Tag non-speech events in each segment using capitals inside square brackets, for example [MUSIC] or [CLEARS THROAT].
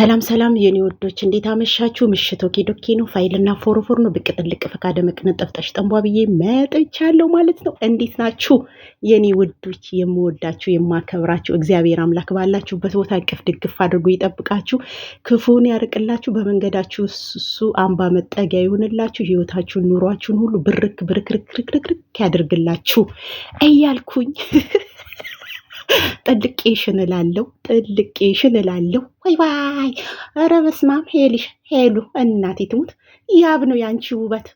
ሰላም ሰላም የኔ ወዶች እንዴት አመሻችሁ? ምሽት ኦኬ ዶኬ ነው። ፋይልና ፎርፎር ነው ብቅ ጥልቅ ፈቃደ መቅነጠፍ ጠፍጠሽ ጠንቧ ብዬ መጥቻለሁ ማለት ነው። እንዴት ናችሁ የኔ ውዶች? የምወዳችሁ የማከብራችሁ እግዚአብሔር አምላክ ባላችሁበት ቦታ እቅፍ ድግፍ አድርጎ ይጠብቃችሁ፣ ክፉን ያርቅላችሁ፣ በመንገዳችሁ እሱ አምባ መጠጊያ ይሆንላችሁ፣ ህይወታችሁን ኑሯችሁን ሁሉ ብርክ ብርክርክርክርክ ያደርግላችሁ እያልኩኝ [LAUGHS] ጥልቄሽን እላለሁ ጥልቄሽን እላለሁ። ወይ ዋይ! ኧረ በስመ አብ ሄልሽ ሄሉ እናቴ ትሙት ያብ ነው ያንቺ ውበት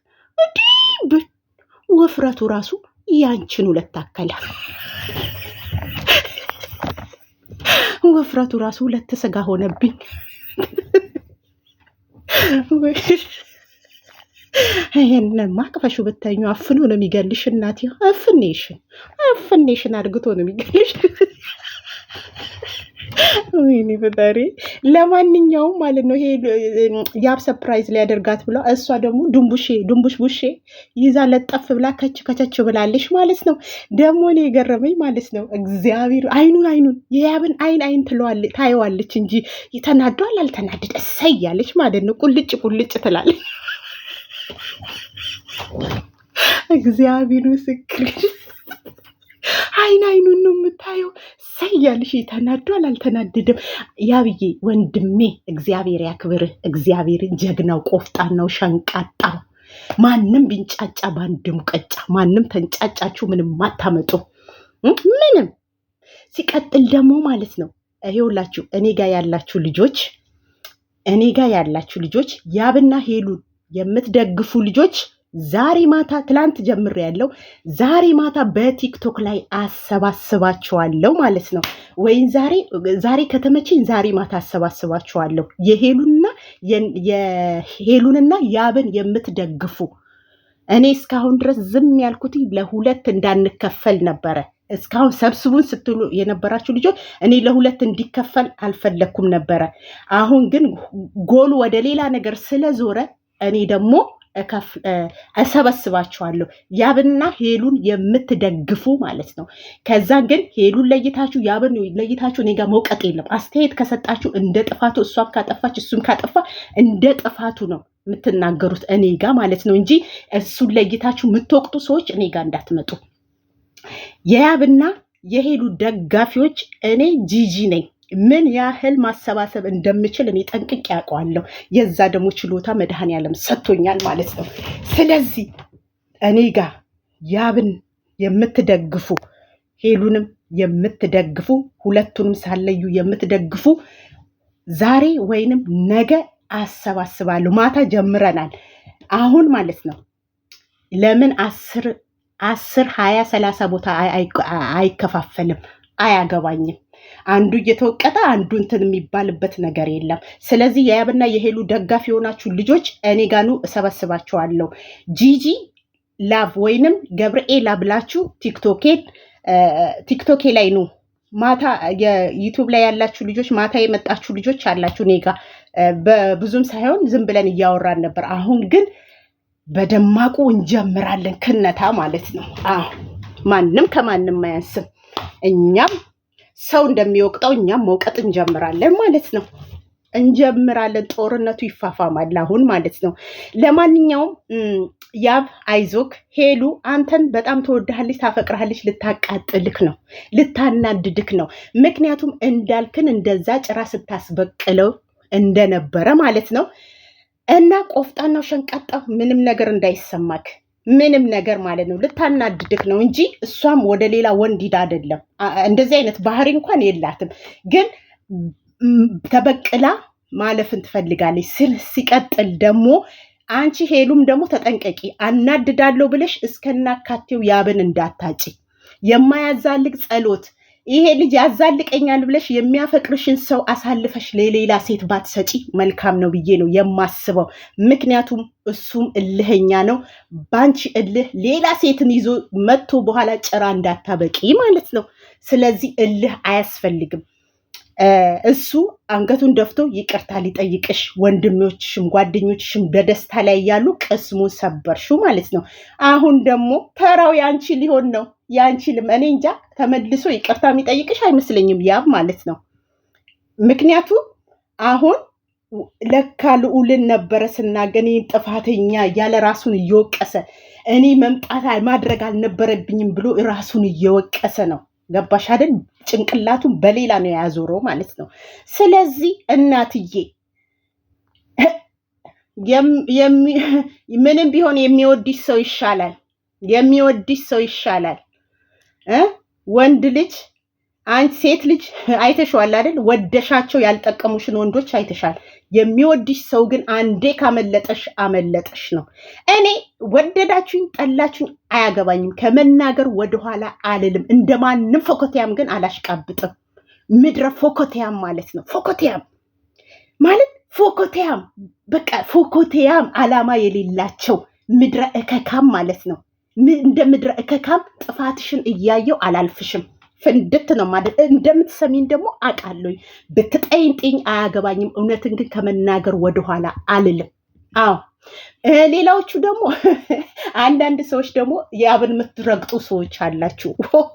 እንዲህ ወፍረቱ ራሱ ያንቺን ሁለት አከለ። ወፍረቱ ራሱ ሁለት ስጋ ሆነብኝ። ይሄንማ ማቅፈሹ ብታኙ አፍኖ ነው የሚገልሽ። እናት አፍኔሽን አፍኔሽን አድግቶ ነው የሚገልሽ። ወይኔ ፈጣሪ። ለማንኛውም ማለት ነው ይሄ ያብ ሰፕራይዝ ሊያደርጋት ብላ እሷ ደግሞ ድንቡሼ ድንቡሽ ቡሼ ይዛ ለጠፍ ብላ ከች ከቸች ብላለች ማለት ነው። ደግሞ እኔ የገረመኝ ማለት ነው እግዚአብሔር አይኑን አይኑን የያብን አይን አይን ትለዋለች ታየዋለች እንጂ ተናዷል አልተናደድ እሰያለች ማለት ነው። ቁልጭ ቁልጭ ትላለች። እግዚአብሔር ምስክር አይን አይኑን ነው የምታየው። ሰያልሽ ያልሽ ተናዷል፣ አልተናደደም። ያብዬ ወንድሜ እግዚአብሔር ያክብርህ። እግዚአብሔር ጀግናው፣ ቆፍጣናው፣ ሸንቃጣው ማንም ቢንጫጫ በአንድ ሙቀጫ ማንም ተንጫጫችሁ ምንም ማታመጡ ምንም። ሲቀጥል ደግሞ ማለት ነው ይሄውላችሁ እኔ ጋ ያላችሁ ልጆች እኔ ጋ ያላችሁ ልጆች ያብና ሄሉን የምትደግፉ ልጆች ዛሬ ማታ ትላንት ጀምር ያለው ዛሬ ማታ በቲክቶክ ላይ አሰባስባችኋለሁ ማለት ነው። ወይም ዛሬ ዛሬ ዛሬ ማታ አሰባስባችኋለሁ። የሄሉንና የሄሉንና ያብን የምትደግፉ እኔ እስካሁን ድረስ ዝም ያልኩት ለሁለት እንዳንከፈል ነበረ። እስካሁን ሰብስቡን ስትሉ የነበራችሁ ልጆች እኔ ለሁለት እንዲከፈል አልፈለግኩም ነበረ። አሁን ግን ጎሉ ወደ ሌላ ነገር ስለዞረ እኔ ደግሞ እሰበስባችኋለሁ ያብንና ሄሉን የምትደግፉ ማለት ነው። ከዛ ግን ሄሉን ለይታችሁ ያብን ለይታችሁ እኔ ጋር መውቀጥ የለም። አስተያየት ከሰጣችሁ እንደ ጥፋቱ እሷም ካጠፋች እሱም ካጠፋ እንደ ጥፋቱ ነው የምትናገሩት እኔ ጋር ማለት ነው እንጂ እሱን ለይታችሁ የምትወቅጡ ሰዎች እኔ ጋር እንዳትመጡ። የያብና የሄሉ ደጋፊዎች እኔ ጂጂ ነኝ። ምን ያህል ማሰባሰብ እንደምችል እኔ ጠንቅቄ ያውቀዋለሁ። የዛ ደግሞ ችሎታ መድኃኔዓለም ሰጥቶኛል ማለት ነው። ስለዚህ እኔ ጋር ያብን የምትደግፉ ሄሉንም የምትደግፉ ሁለቱንም ሳለዩ የምትደግፉ ዛሬ ወይንም ነገ አሰባስባለሁ። ማታ ጀምረናል አሁን ማለት ነው። ለምን አስር አስር ሀያ ሰላሳ ቦታ አይከፋፈልም? አያገባኝም። አንዱ እየተወቀጠ አንዱ እንትን የሚባልበት ነገር የለም። ስለዚህ የያብና የሄሉ ደጋፊ የሆናችሁ ልጆች እኔ ጋኑ እሰበስባችኋለሁ። ጂጂ ላቭ ወይንም ገብርኤላ ብላችሁ ቲክቶኬ ቲክቶኬ ላይ ነው ማታ የዩቱብ ላይ ያላችሁ ልጆች ማታ የመጣችሁ ልጆች አላችሁ። እኔ ጋ በብዙም ሳይሆን ዝም ብለን እያወራን ነበር። አሁን ግን በደማቁ እንጀምራለን። ክነታ ማለት ነው። ማንም ከማንም አያንስም። እኛም ሰው እንደሚወቅጠው እኛም መውቀጥ እንጀምራለን ማለት ነው። እንጀምራለን ጦርነቱ ይፋፋማል አሁን ማለት ነው። ለማንኛውም ያብ አይዞክ፣ ሄሉ አንተን በጣም ትወድሃለች፣ ታፈቅርሃለች። ልታቃጥልክ ነው፣ ልታናድድክ ነው። ምክንያቱም እንዳልክን እንደዛ ጭራ ስታስበቅለው እንደነበረ ማለት ነው። እና ቆፍጣናው ሸንቃጣ ምንም ነገር እንዳይሰማክ ምንም ነገር ማለት ነው። ልታናድድክ ነው እንጂ እሷም ወደ ሌላ ወንድ ሂድ አይደለም። እንደዚህ አይነት ባህሪ እንኳን የላትም፣ ግን ተበቅላ ማለፍን ትፈልጋለች ስል ሲቀጥል ደግሞ አንቺ ሄሉም ደግሞ ተጠንቀቂ፣ አናድዳለሁ ብለሽ እስከናካቴው ያብን እንዳታጭ የማያዛልቅ ጸሎት ይሄ ልጅ ያዛልቀኛል ብለሽ የሚያፈቅርሽን ሰው አሳልፈሽ ለሌላ ሴት ባትሰጪ መልካም ነው ብዬ ነው የማስበው። ምክንያቱም እሱም እልህኛ ነው። ባንቺ እልህ ሌላ ሴትን ይዞ መጥቶ በኋላ ጭራ እንዳታበቂ ማለት ነው። ስለዚህ እልህ አያስፈልግም። እሱ አንገቱን ደፍቶ ይቅርታ ሊጠይቅሽ ወንድሞችሽም ጓደኞችሽም በደስታ ላይ ያሉ ቅስሙን ሰበርሹ ማለት ነው። አሁን ደግሞ ተራው ያንቺ ሊሆን ነው። ያንቺልም እኔ እንጃ ተመልሶ ይቅርታ የሚጠይቅሽ አይመስለኝም። ያም ማለት ነው። ምክንያቱም አሁን ለካ ልዑልን ነበረ ስናገን ጥፋተኛ ያለ ራሱን እየወቀሰ እኔ መምጣት ማድረግ አልነበረብኝም ብሎ ራሱን እየወቀሰ ነው ገባሽ አይደል? ጭንቅላቱን በሌላ ነው ያዞረው ማለት ነው። ስለዚህ እናትዬ ምንም ቢሆን የሚወድሽ ሰው ይሻላል፣ የሚወድሽ ሰው ይሻላል። ወንድ ልጅ አንቺ ሴት ልጅ አይተሽዋል አይደል? ወደሻቸው ያልጠቀሙሽን ወንዶች አይተሻል። የሚወድሽ ሰው ግን አንዴ ካመለጠሽ አመለጠሽ ነው። እኔ ወደዳችሁኝ ጠላችሁኝ አያገባኝም። ከመናገር ወደኋላ አልልም። እንደማንም ፎኮቲያም ግን አላሽቃብጥም። ምድረ ፎኮቲያም ማለት ነው። ፎኮቲያም ማለት ፎኮቲያም በቃ ፎኮቲያም አላማ የሌላቸው ምድረ እከካም ማለት ነው። እንደ ምድረ እከካም ጥፋትሽን እያየው አላልፍሽም። ፍንድት ነው ማለት እንደምትሰሚኝ ደግሞ አውቃለሁኝ። ብትጠይንጤኝ አያገባኝም። እውነትን ግን ከመናገር ወደኋላ አልልም። አዎ ሌላዎቹ ደግሞ [LAUGHS] አንዳንድ ሰዎች ደግሞ የአብን የምትረግጡ ሰዎች አላችሁ። [LAUGHS]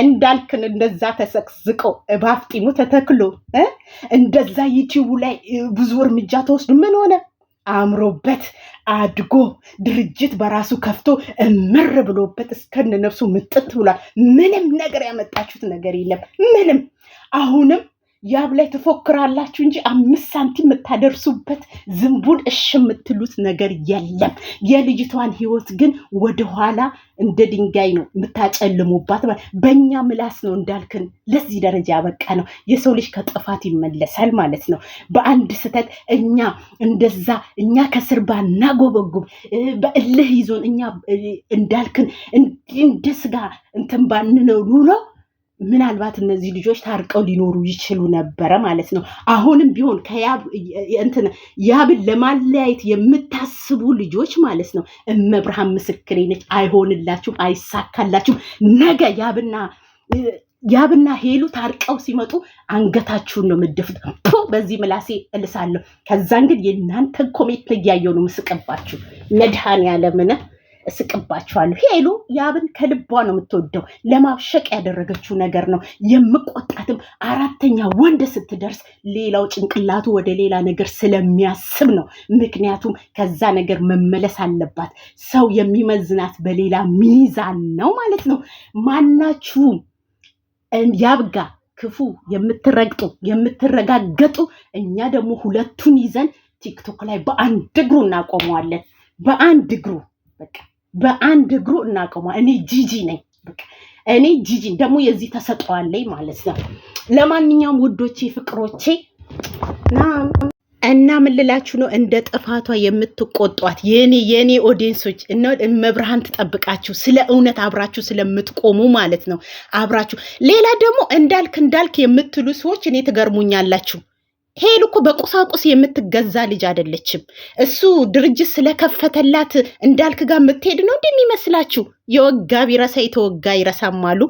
እንዳልክን እንደዛ ተሰቅዝቆ ባፍጢሙ ተተክሎ እንደዛ ዩቲቡ ላይ ብዙ እርምጃ ተወስዱ ምን ሆነ አምሮበት አድጎ ድርጅት በራሱ ከፍቶ እምር ብሎበት እስከነ ነፍሱ ምጥጥ ብሏል። ምንም ነገር ያመጣችሁት ነገር የለም። ምንም አሁንም ያብ ላይ ትፎክራላችሁ እንጂ አምስት ሳንቲም የምታደርሱበት ዝንቡን እሽ የምትሉት ነገር የለም። የልጅቷን ህይወት ግን ወደኋላ እንደ ድንጋይ ነው የምታጨልሙባት። በእኛ ምላስ ነው እንዳልክን ለዚህ ደረጃ ያበቃ ነው። የሰው ልጅ ከጥፋት ይመለሳል ማለት ነው። በአንድ ስህተት እኛ እንደዛ እኛ ከስር ባናጎበጉብ በእልህ ይዞን እኛ እንዳልክን እንደ ስጋ እንትን ባንነው ነው ምናልባት እነዚህ ልጆች ታርቀው ሊኖሩ ይችሉ ነበረ ማለት ነው። አሁንም ቢሆን ከያብ እንትን ያብን ለማለያየት የምታስቡ ልጆች ማለት ነው፣ እመብርሃን ምስክሬ ነች። አይሆንላችሁም፣ አይሳካላችሁም። ነገ ያብና ያብና ሄሉ ታርቀው ሲመጡ አንገታችሁን ነው የምደፉት። በዚህ ምላሴ እልሳለሁ። ከዛን ግን የእናንተን ኮሜት እያየሁ ነው ምስቅባችሁ መድሃን ያለምነ እስቅባችኋለሁ። ሄሉ ያብን ከልቧ ነው የምትወደው። ለማብሸቅ ያደረገችው ነገር ነው የምቆጣትም። አራተኛ ወንድ ስትደርስ ሌላው ጭንቅላቱ ወደ ሌላ ነገር ስለሚያስብ ነው። ምክንያቱም ከዛ ነገር መመለስ አለባት። ሰው የሚመዝናት በሌላ ሚዛን ነው ማለት ነው። ማናችሁም ያብጋ ክፉ የምትረግጡ የምትረጋገጡ፣ እኛ ደግሞ ሁለቱን ይዘን ቲክቶክ ላይ በአንድ እግሩ እናቆመዋለን። በአንድ እግሩ በቃ በአንድ እግሩ እናቀማ። እኔ ጂጂ ነኝ። እኔ ጂጂ ደግሞ የዚህ ተሰጠዋለኝ ማለት ነው። ለማንኛውም ውዶቼ ፍቅሮቼ እና ምን ልላችሁ ነው፣ እንደ ጥፋቷ የምትቆጧት የኔ የኔ ኦዲንሶች እና መብርሃን ትጠብቃችሁ። ስለ እውነት አብራችሁ ስለምትቆሙ ማለት ነው። አብራችሁ ሌላ ደግሞ እንዳልክ እንዳልክ የምትሉ ሰዎች እኔ ትገርሙኛላችሁ። ሄሉ እኮ በቁሳቁስ የምትገዛ ልጅ አይደለችም። እሱ ድርጅት ስለከፈተላት እንዳልክ ጋር የምትሄድ ነው እንዴ የሚመስላችሁ? የወጋ ቢረሳ የተወጋ አሉ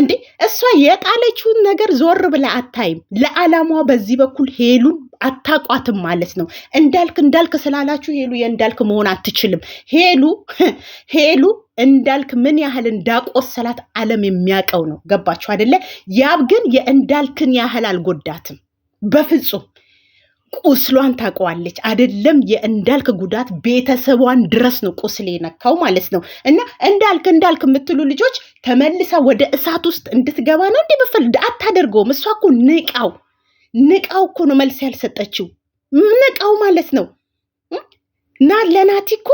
እንዴ። እሷ የጣለችውን ነገር ዞር ብላ አታይም። ለዓላማዋ በዚህ በኩል ሄሉን አታቋትም ማለት ነው። እንዳልክ እንዳልክ ስላላችሁ ሄሉ የእንዳልክ መሆን አትችልም። ሄሉ [LAUGHS] ሄሉ እንዳልክ ምን ያህል እንዳቆሰላት ዓለም የሚያውቀው ነው። ገባችሁ አይደለ? ያብ ግን የእንዳልክን ያህል አልጎዳትም። በፍጹም ቁስሏን ታውቀዋለች። አይደለም የእንዳልክ ጉዳት ቤተሰቧን ድረስ ነው ቁስል የነካው ማለት ነው። እና እንዳልክ እንዳልክ የምትሉ ልጆች ተመልሳ ወደ እሳት ውስጥ እንድትገባ ነው እንዲህ ብፍል አታደርገውም። እሷ እኮ ንቃው ንቃው እኮ ነው መልስ ያልሰጠችው። ንቃው ማለት ነው ና ለናቲ እኮ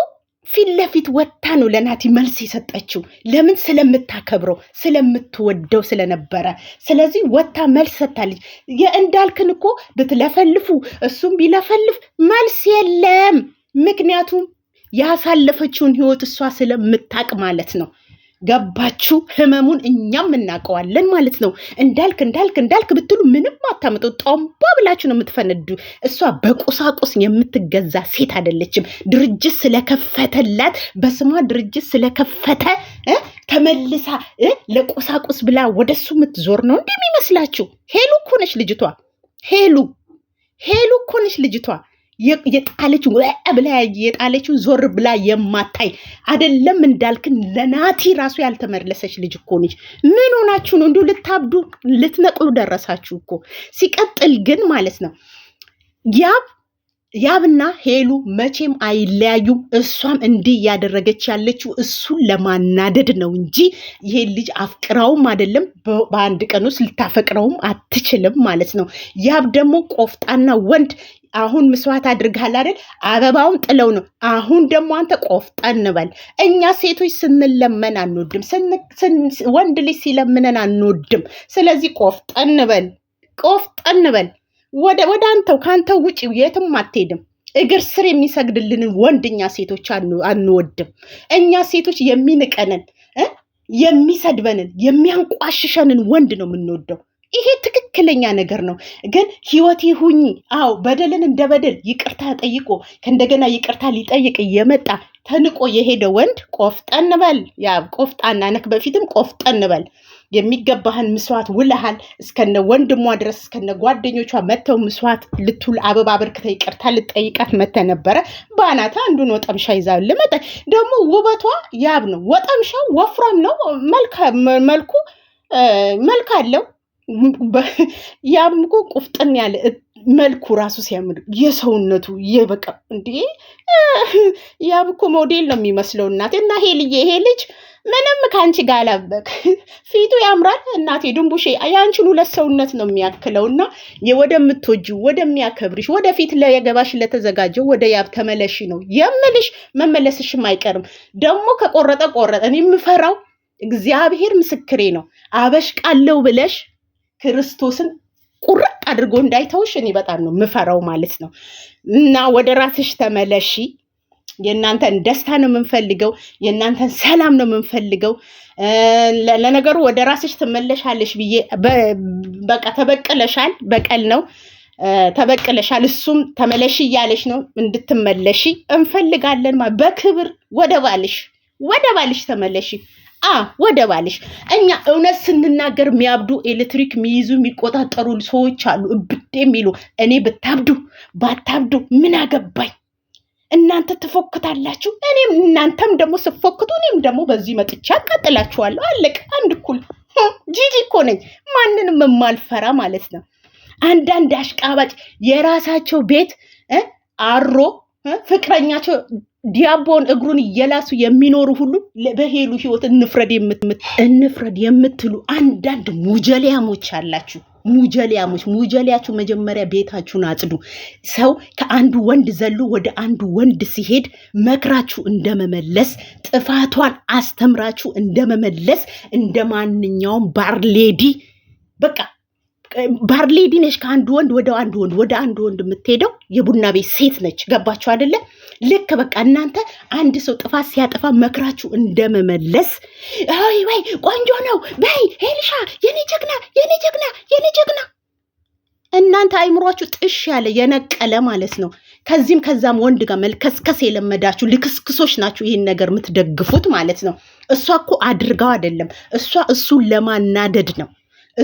ፊት ለፊት ወጥታ ነው ለናቲ መልስ የሰጠችው። ለምን? ስለምታከብረው ስለምትወደው ስለነበረ። ስለዚህ ወጥታ መልስ ሰጥታለች። የእንዳልክን እኮ ብትለፈልፉ እሱም ቢለፈልፍ መልስ የለም። ምክንያቱም ያሳለፈችውን ህይወት እሷ ስለምታቅ ማለት ነው። ገባችሁ? ህመሙን እኛም እናውቀዋለን ማለት ነው። እንዳልክ እንዳልክ እንዳልክ ብትሉ ምንም አታምጡ። ጦምባ ብላችሁ ነው የምትፈነዱ። እሷ በቁሳቁስ የምትገዛ ሴት አይደለችም። ድርጅት ስለከፈተላት በስሟ ድርጅት ስለከፈተ ተመልሳ ለቁሳቁስ ብላ ወደሱ የምትዞር ነው እንደሚመስላችሁ? ሄሉ እኮ ነች ልጅቷ። ሄሉ ሄሉ እኮ ነች ልጅቷ። የጣለችው ብላ የጣለችው ዞር ብላ የማታይ አይደለም። እንዳልክን ለናቲ ራሱ ያልተመለሰች ልጅ እኮ ነች። ምን ሆናችሁ ነው? እንዲሁ ልታብዱ ልትነቅሉ ደረሳችሁ እኮ። ሲቀጥል ግን ማለት ነው ያብ ያብና ሄሉ መቼም አይለያዩም። እሷም እንዲህ እያደረገች ያለችው እሱን ለማናደድ ነው እንጂ ይሄን ልጅ አፍቅራውም አይደለም። በአንድ ቀን ውስጥ ልታፈቅረውም አትችልም ማለት ነው። ያብ ደግሞ ቆፍጣና ወንድ አሁን ምስዋት አድርገሃል አይደል? አበባውን ጥለው ነው። አሁን ደግሞ አንተ ቆፍጠን በል። እኛ ሴቶች ስንለመን አንወድም፣ ወንድ ልጅ ሲለምነን አንወድም። ስለዚህ ቆፍጠን በል፣ ቆፍጠን በል። ወደ አንተው ከአንተው ውጪ የትም አትሄድም። እግር ስር የሚሰግድልንን ወንድ እኛ ሴቶች አንወድም። እኛ ሴቶች የሚንቀንን የሚሰድበንን የሚያንቋሽሸንን ወንድ ነው የምንወደው። ይሄ ትክክለኛ ነገር ነው። ግን ህይወቴ ሁኝ አዎ፣ በደልን እንደ በደል ይቅርታ ጠይቆ ከእንደገና ይቅርታ ሊጠይቅ እየመጣ ተንቆ የሄደ ወንድ ቆፍጠን በል፣ ያ ቆፍጣና ነክ፣ በፊትም ቆፍጠን በል። የሚገባህን ምስዋት ውለሃል። እስከነ ወንድሟ ድረስ እስከነ ጓደኞቿ መጥተው ምስዋት ልትውል አበባ አበርክተ ይቅርታ ልጠይቃት መተ ነበረ። በአናታ አንዱን ወጠምሻ ይዛ ልመጠ ደግሞ ውበቷ ያብ ነው። ወጠምሻው ወፍራም ነው መልኩ መልክ አለው [LAUGHS] ያም እኮ ቁፍጥን ያለ መልኩ ራሱ ሲያምር የሰውነቱ የበቃ እንዴ [LAUGHS] ያም እኮ ሞዴል ነው የሚመስለው እናቴ። እና ይሄ ልዬ ይሄ ልጅ ምንም ከአንቺ ጋር አላበቅ [LAUGHS] ፊቱ ያምራል እናቴ ድንቡሼ፣ የአንቺን ሁለት ሰውነት ነው የሚያክለው። እና ወደምትወጂው ወደሚያከብርሽ፣ ወደፊት ለገባሽ ለተዘጋጀው ወደ ያብ ተመለሺ ነው የምልሽ። መመለስሽም አይቀርም ደግሞ ከቆረጠ ቆረጠ። እኔ የምፈራው እግዚአብሔር ምስክሬ ነው አበሽቃለሁ ብለሽ ክርስቶስን ቁርጥ አድርጎ እንዳይተውሽ እኔ በጣም ነው ምፈራው ማለት ነው። እና ወደ ራስሽ ተመለሺ። የእናንተን ደስታ ነው የምንፈልገው፣ የእናንተን ሰላም ነው የምንፈልገው። ለነገሩ ወደ ራስሽ ትመለሻለሽ ብዬ በቃ ተበቅለሻል። በቀል ነው ተበቅለሻል። እሱም ተመለሺ እያለሽ ነው። እንድትመለሺ እንፈልጋለን። በክብር ወደ ባልሽ ወደ ባልሽ ተመለሺ። አ ወደ ባልሽ እኛ እውነት ስንናገር የሚያብዱ ኤሌክትሪክ የሚይዙ የሚቆጣጠሩ ሰዎች አሉ፣ እብድ የሚሉ እኔ ብታብዱ ባታብዱ ምን አገባኝ። እናንተ ትፎክታላችሁ፣ እኔም እናንተም ደግሞ ስፎክቱ እኔም ደግሞ በዚህ መጥቻ አቃጥላችኋለሁ። አለቅ አንድ እኩል ጂጂ እኮ ነኝ፣ ማንንም የማልፈራ ማለት ነው። አንዳንድ አሽቃባጭ የራሳቸው ቤት አሮ ፍቅረኛቸው ዲያቦን እግሩን እየላሱ የሚኖሩ ሁሉ በሄሉ ህይወት እንፍረድ እንፍረድ የምትሉ አንዳንድ ሙጀሊያሞች አላችሁ። ሙጀሊያሞች ሙጀሊያችሁ፣ መጀመሪያ ቤታችሁን አጽዱ። ሰው ከአንዱ ወንድ ዘሎ ወደ አንዱ ወንድ ሲሄድ መክራችሁ እንደመመለስ፣ ጥፋቷን አስተምራችሁ እንደመመለስ፣ እንደ ማንኛውም ባርሌዲ በቃ ባርሌዲ ነች። ከአንድ ወንድ ወደ አንድ ወንድ ወደ አንድ ወንድ የምትሄደው የቡና ቤት ሴት ነች። ገባችሁ አይደለ? ልክ በቃ እናንተ አንድ ሰው ጥፋት ሲያጠፋ መክራችሁ እንደመመለስ ይ ወይ ቆንጆ ነው በይ ሄልሻ፣ የኔ ጀግና፣ የኔ ጀግና፣ የኔ ጀግና። እናንተ አይምሯችሁ ጥሽ ያለ የነቀለ ማለት ነው። ከዚህም ከዛም ወንድ ጋር መልከስከስ የለመዳችሁ ልክስክሶች ናችሁ። ይህን ነገር የምትደግፉት ማለት ነው። እሷ እኮ አድርገው አይደለም እሷ እሱን ለማናደድ ነው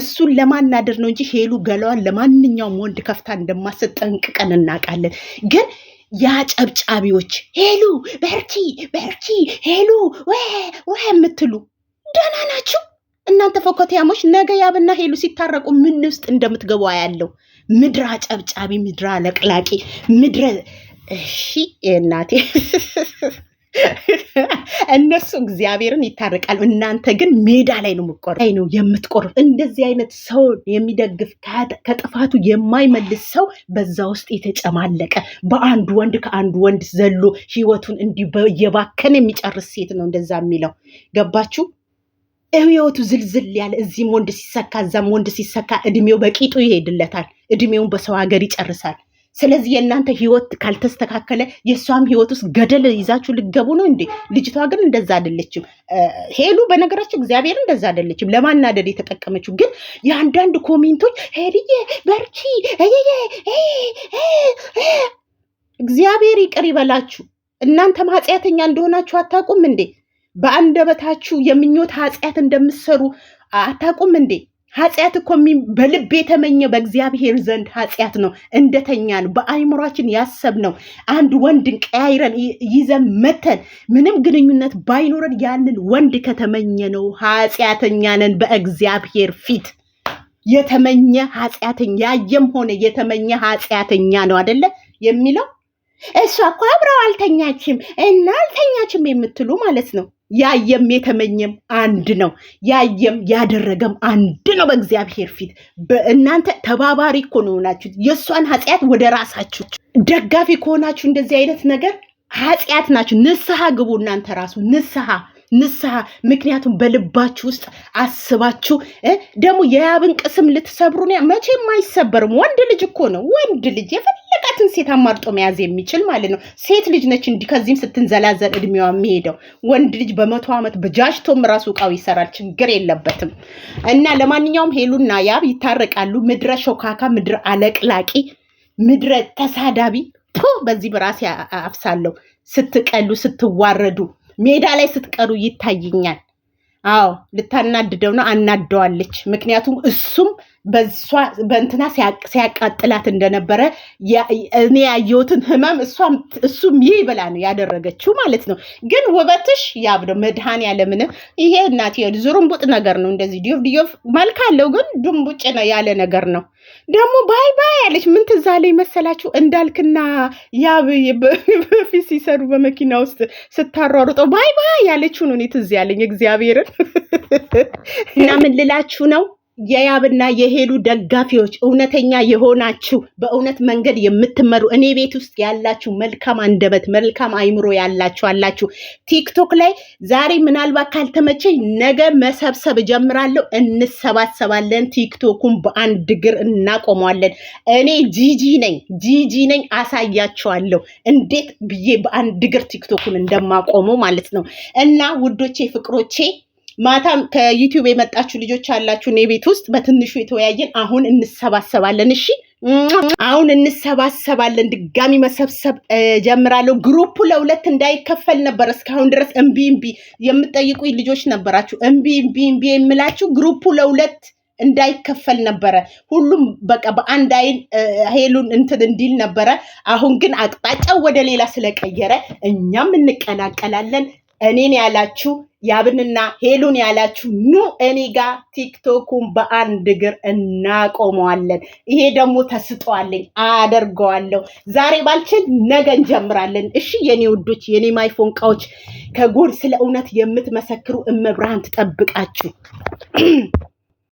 እሱን ለማናደድ ነው እንጂ ሄሉ ገለዋን ለማንኛውም ወንድ ከፍታ እንደማሰጥ ጠንቅቀን እናውቃለን ግን ያጨብጫቢዎች ሄሉ በርቺ በርቺ ሄሉ ወይ የምትሉ ደህና ናችሁ እናንተ ፎከቴያሞች? ነገ ያብና ሄሉ ሲታረቁ ምን ውስጥ እንደምትገቡ ያለው ምድረ አጨብጫቢ፣ ምድረ አለቅላቂ፣ ምድረ እሺ እናቴ [LAUGHS] እነሱ እግዚአብሔርን ይታረቃሉ። እናንተ ግን ሜዳ ላይ ነው ምቆር ላይ ነው የምትቆር። እንደዚህ አይነት ሰውን የሚደግፍ ከጥፋቱ የማይመልስ ሰው በዛ ውስጥ የተጨማለቀ በአንድ ወንድ ከአንድ ወንድ ዘሎ ህይወቱን እንዲ የባከን የሚጨርስ ሴት ነው እንደዛ የሚለው ገባችሁ? ህይወቱ ዝልዝል ያለ እዚህም ወንድ ሲሰካ እዛም ወንድ ሲሰካ እድሜው በቂጡ ይሄድለታል። እድሜውን በሰው ሀገር ይጨርሳል። ስለዚህ የእናንተ ህይወት ካልተስተካከለ የእሷም ህይወት ውስጥ ገደል ይዛችሁ ልገቡ ነው እንዴ? ልጅቷ ግን እንደዛ አይደለችም። ሄሉ በነገራችን እግዚአብሔር እንደዛ አይደለችም። ለማናደድ የተጠቀመችው ግን የአንዳንድ ኮሜንቶች ሄድዬ በርቺ፣ እግዚአብሔር ይቅር ይበላችሁ። እናንተ ኃጢአተኛ እንደሆናችሁ አታውቁም እንዴ? በአንደበታችሁ የምኞት ኃጢአት እንደምትሰሩ አታውቁም እንዴ? ኃጢአት እኮ በልብ የተመኘው በእግዚአብሔር ዘንድ ኃጢአት ነው። እንደተኛ ነው በአይምሯችን ያሰብነው አንድ ወንድን ቀያይረን ይዘን መተን ምንም ግንኙነት ባይኖረን ያንን ወንድ ከተመኘነው ኃጢአተኛ ነን በእግዚአብሔር ፊት። የተመኘ ኃጢአተኛ ያየም ሆነ የተመኘ ኃጢአተኛ ነው አደለ የሚለው። እሷ እኮ አብረው አልተኛችም እና አልተኛችም የምትሉ ማለት ነው ያየም የተመኘም አንድ ነው። ያየም ያደረገም አንድ ነው በእግዚአብሔር ፊት። በእናንተ ተባባሪ እኮ ነው ናችሁት። የእሷን ኃጢአት ወደ ራሳችሁ ደጋፊ ከሆናችሁ እንደዚህ አይነት ነገር ኃጢአት ናችሁ። ንስሐ ግቡ። እናንተ ራሱ ንስሐ ንስሐ። ምክንያቱም በልባችሁ ውስጥ አስባችሁ ደግሞ የያብን ቅስም ልትሰብሩ መቼም አይሰበርም። ወንድ ልጅ እኮ ነው ወንድ ልጅ የፈለጋትን ሴት አማርጦ መያዝ የሚችል ማለት ነው። ሴት ልጅ ነች እንዲህ ከዚህም ስትንዘላዘል እድሜዋ የሚሄደው። ወንድ ልጅ በመቶ ዓመት በጃጅቶም ራሱ እቃው ይሰራል፣ ችግር የለበትም። እና ለማንኛውም ሄሉና ያብ ይታረቃሉ። ምድረ ሾካካ፣ ምድረ አለቅላቂ፣ ምድረ ተሳዳቢ በዚህ በራሴ አፍሳለሁ። ስትቀሉ ስትዋረዱ ሜዳ ላይ ስትቀሩ ይታይኛል። አዎ ልታናድደው ነው። አናደዋለች። ምክንያቱም እሱም በእንትና ሲያቃጥላት እንደነበረ እኔ ያየሁትን ህመም እሱም ይህ ብላ ነው ያደረገችው ማለት ነው። ግን ውበትሽ ያብ ነው መድሃን ያለምን ይሄ እናት ዙርንቡጥ ነገር ነው። እንደዚህ ዲዮፍ ዲዮፍ መልክ አለው ግን ድንቡጭ ያለ ነገር ነው። ደግሞ ባይ ባይ ያለች ምን ትዛ ላይ መሰላችሁ? እንዳልክና ያብ በፊት ሲሰሩ በመኪና ውስጥ ስታሯሩጠው ባይ ባይ ያለችው ነው እኔ ትዝ ያለኝ እግዚአብሔርን እና ምን ልላችሁ ነው የያብና የሄሉ ደጋፊዎች እውነተኛ የሆናችሁ በእውነት መንገድ የምትመሩ እኔ ቤት ውስጥ ያላችሁ መልካም አንደበት መልካም አይምሮ ያላችሁ አላችሁ። ቲክቶክ ላይ ዛሬ ምናልባት ካልተመቸኝ ነገ መሰብሰብ እጀምራለሁ። እንሰባሰባለን። ቲክቶኩን በአንድ እግር እናቆመዋለን። እኔ ጂጂ ነኝ፣ ጂጂ ነኝ። አሳያችኋለሁ እንዴት ብዬ በአንድ እግር ቲክቶኩን እንደማቆመው ማለት ነው። እና ውዶቼ ፍቅሮቼ ማታም ከዩቲዩብ የመጣችሁ ልጆች አላችሁ፣ እኔ ቤት ውስጥ በትንሹ የተወያየን። አሁን እንሰባሰባለን። እሺ አሁን እንሰባሰባለን። ድጋሚ መሰብሰብ ጀምራለሁ። ግሩፑ ለሁለት እንዳይከፈል ነበር እስካሁን ድረስ እምቢ እምቢ የምጠይቁኝ ልጆች ነበራችሁ። እምቢ እምቢ እምቢ የምላችሁ ግሩፑ ለሁለት እንዳይከፈል ነበረ። ሁሉም በቃ በአንድ አይን ሄሉን እንትን እንዲል ነበረ። አሁን ግን አቅጣጫው ወደ ሌላ ስለቀየረ እኛም እንቀላቀላለን። እኔን ያላችሁ ያብንና ሄሉን ያላችሁ ኑ እኔ ጋር ቲክቶኩን በአንድ እግር እናቆመዋለን። ይሄ ደግሞ ተስጠዋለኝ አደርገዋለሁ። ዛሬ ባልችል ነገ እንጀምራለን። እሺ የኔ ውዶች፣ የኔ ማይፎን ቃዎች ከጎን ስለ እውነት የምትመሰክሩ እመብርሃን ትጠብቃችሁ፣ [CLEARS THROAT]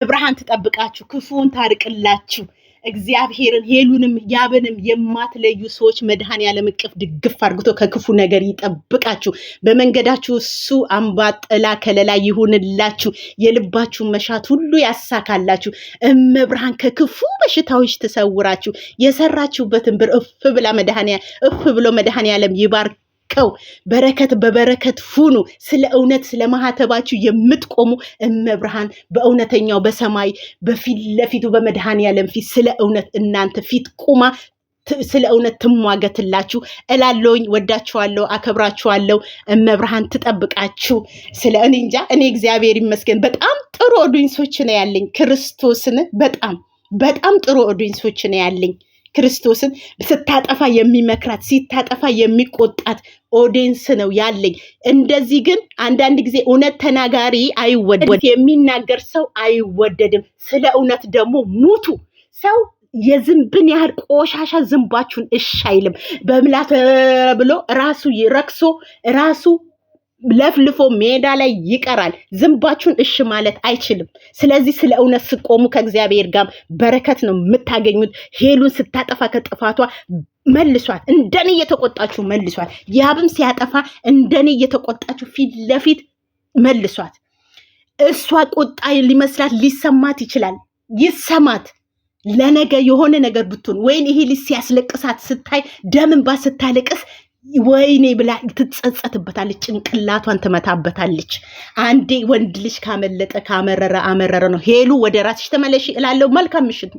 እመብርሃን ትጠብቃችሁ፣ ክፉን ታርቅላችሁ። እግዚአብሔርን ሄሉንም ያብንም የማትለዩ ሰዎች መድኃኔዓለም እቅፍ ድግፍ አርግቶ ከክፉ ነገር ይጠብቃችሁ። በመንገዳችሁ እሱ አምባ ጥላ ከለላ ይሁንላችሁ። የልባችሁን መሻት ሁሉ ያሳካላችሁ። እመብርሃን ከክፉ በሽታዎች ትሰውራችሁ። የሰራችሁበትን ብር እፍ ብላ መድኃኔ እፍ ብሎ መድኃኔዓለም ይባርክ ቀው በረከት በበረከት ሁኑ። ስለ እውነት ስለ ማህተባችሁ የምትቆሙ እመብርሃን በእውነተኛው በሰማይ በፊት ለፊቱ በመድኃኔ ፊት ስለ እውነት እናንተ ፊት ቁማ ስለ እውነት ትሟገትላችሁ እላለውኝ። ወዳችኋለሁ፣ አከብራችኋለሁ። እመብርሃን ትጠብቃችሁ። ስለ እኔ እንጃ እኔ እግዚአብሔር ይመስገን በጣም ጥሩ ኦዲንሶች ነው ያለኝ። ክርስቶስን በጣም በጣም ጥሩ ኦዲንሶች ነው ያለኝ። ክርስቶስን ስታጠፋ የሚመክራት ሲታጠፋ የሚቆጣት ኦዲየንስ ነው ያለኝ። እንደዚህ ግን አንዳንድ ጊዜ እውነት ተናጋሪ አይወደድም፣ የሚናገር ሰው አይወደድም። ስለ እውነት ደግሞ ሙቱ ሰው የዝንብን ያህል ቆሻሻ ዝንባችሁን እሺ አይልም። በምላት ብሎ ራሱ ረክሶ ራሱ ለፍልፎ ሜዳ ላይ ይቀራል። ዝንባችሁን እሽ ማለት አይችልም። ስለዚህ ስለ እውነት ስቆሙ ከእግዚአብሔር ጋር በረከት ነው የምታገኙት። ሄሉን ስታጠፋ ከጥፋቷ መልሷት፣ እንደኔ እየተቆጣችሁ መልሷት። ያብም ሲያጠፋ እንደኔ እየተቆጣችሁ ፊት ለፊት መልሷት። እሷ ቁጣ ሊመስላት ሊሰማት ይችላል። ይሰማት ለነገ የሆነ ነገር ብትሆን ወይን ይሄ ልጅ ሲያስለቅሳት ስታይ ደምንባ ስታለቅስ ወይኔ ብላ ትጸጸትበታለች፣ ጭንቅላቷን ትመታበታለች። አንዴ ወንድ ልጅ ካመለጠ ካመረረ አመረረ ነው። ሄሉ ወደ ራስሽ ተመለሽ እላለሁ። መልካም ምሽት።